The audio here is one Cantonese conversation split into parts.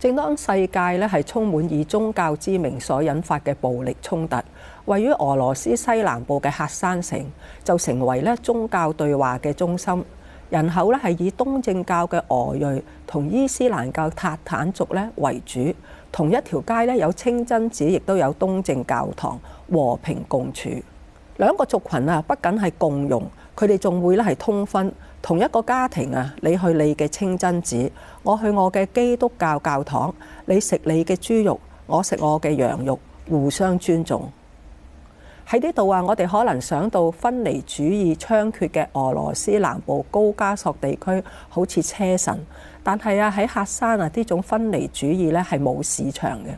正當世界咧係充滿以宗教之名所引發嘅暴力衝突，位於俄羅斯西南部嘅喀山城就成為咧宗教對話嘅中心。人口咧係以東正教嘅俄裔同伊斯蘭教塔坦族咧為主，同一條街咧有清真寺，亦都有東正教堂和平共處。兩個族群啊，不僅係共用。佢哋仲會咧係通婚，同一個家庭啊，你去你嘅清真寺，我去我嘅基督教教堂，你食你嘅豬肉，我食我嘅羊肉，互相尊重喺呢度啊。我哋可能想到分離主義猖獗嘅俄羅斯南部高加索地區，好似車臣。但係啊，喺喀山啊，呢種分離主義呢係冇市場嘅。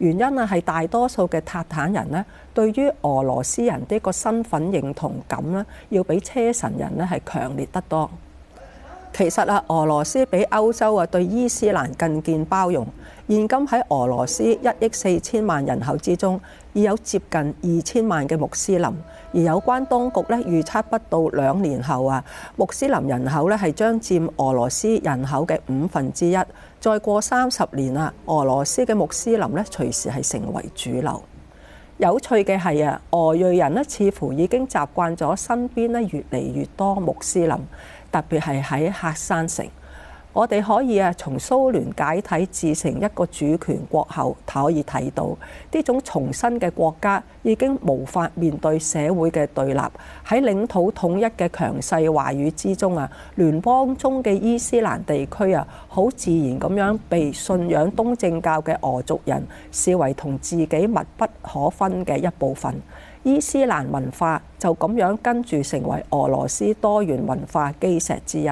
原因啊，係大多數嘅塔坦人咧，對於俄羅斯人呢個身份認同感咧，要比車臣人咧係強烈得多。其實啊，俄羅斯比歐洲啊對伊斯蘭更見包容。現今喺俄羅斯一億四千萬人口之中，已有接近二千萬嘅穆斯林。而有關當局咧預測，不到兩年後啊，穆斯林人口咧係將佔俄羅斯人口嘅五分之一。再過三十年啊，俄羅斯嘅穆斯林咧隨時係成為主流。有趣嘅係啊，俄裔人咧似乎已經習慣咗身邊咧越嚟越多穆斯林，特別係喺喀山城。我哋可以啊，從蘇聯解體自成一個主權國後，可以睇到呢種重新嘅國家已經無法面對社會嘅對立。喺領土統一嘅強勢話語之中啊，聯邦中嘅伊斯蘭地區啊，好自然咁樣被信仰東正教嘅俄族人視為同自己密不可分嘅一部分。伊斯蘭文化就咁樣跟住成為俄羅斯多元文化基石之一。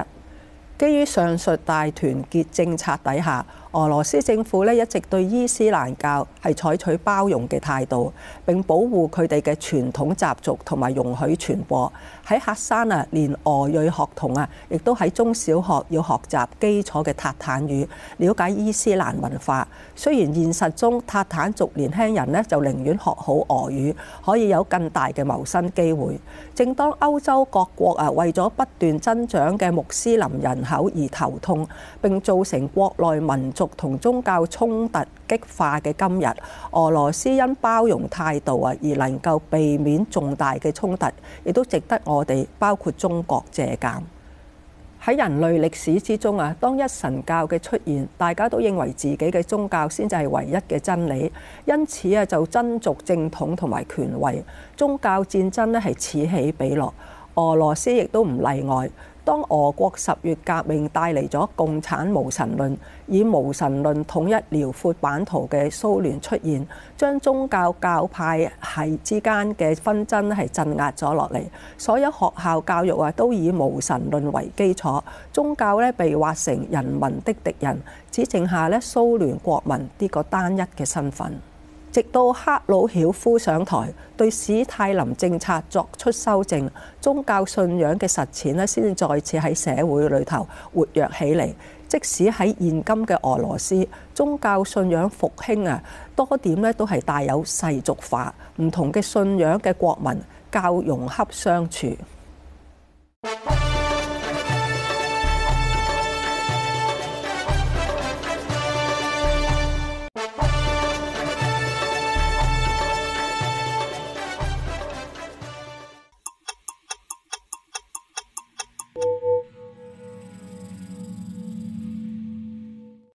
基於上述大團結政策底下，俄羅斯政府咧一直對伊斯蘭教係採取包容嘅態度，並保護佢哋嘅傳統習俗同埋容許傳播。喺喀山啊，連俄裔學童啊，亦都喺中小學要學習基礎嘅塔坦語，了解伊斯蘭文化。雖然現實中塔坦族年輕人咧就寧願學好俄語，可以有更大嘅謀生機會。正當歐洲各國啊，為咗不斷增長嘅穆斯林人口而頭痛，並造成國內民族同宗教衝突激化嘅今日，俄羅斯因包容態度啊而能夠避免重大嘅衝突，亦都值得我哋包括中國借鑑。喺人類歷史之中啊，當一神教嘅出現，大家都認為自己嘅宗教先至係唯一嘅真理，因此啊就爭逐正統同埋權威，宗教戰爭呢係此起彼落，俄羅斯亦都唔例外。當俄國十月革命帶嚟咗共產無神論，以無神論統一遼闊版圖嘅蘇聯出現，將宗教教派係之間嘅紛爭係鎮壓咗落嚟。所有學校教育啊都以無神論為基礎，宗教咧被劃成人民的敵人，只剩下咧蘇聯國民呢個單一嘅身份。直到赫魯曉夫上台，對史泰林政策作出修正，宗教信仰嘅實踐呢，先至再次喺社會裏頭活躍起嚟。即使喺現今嘅俄羅斯，宗教信仰復興啊，多點呢都係大有世俗化，唔同嘅信仰嘅國民較融洽相處。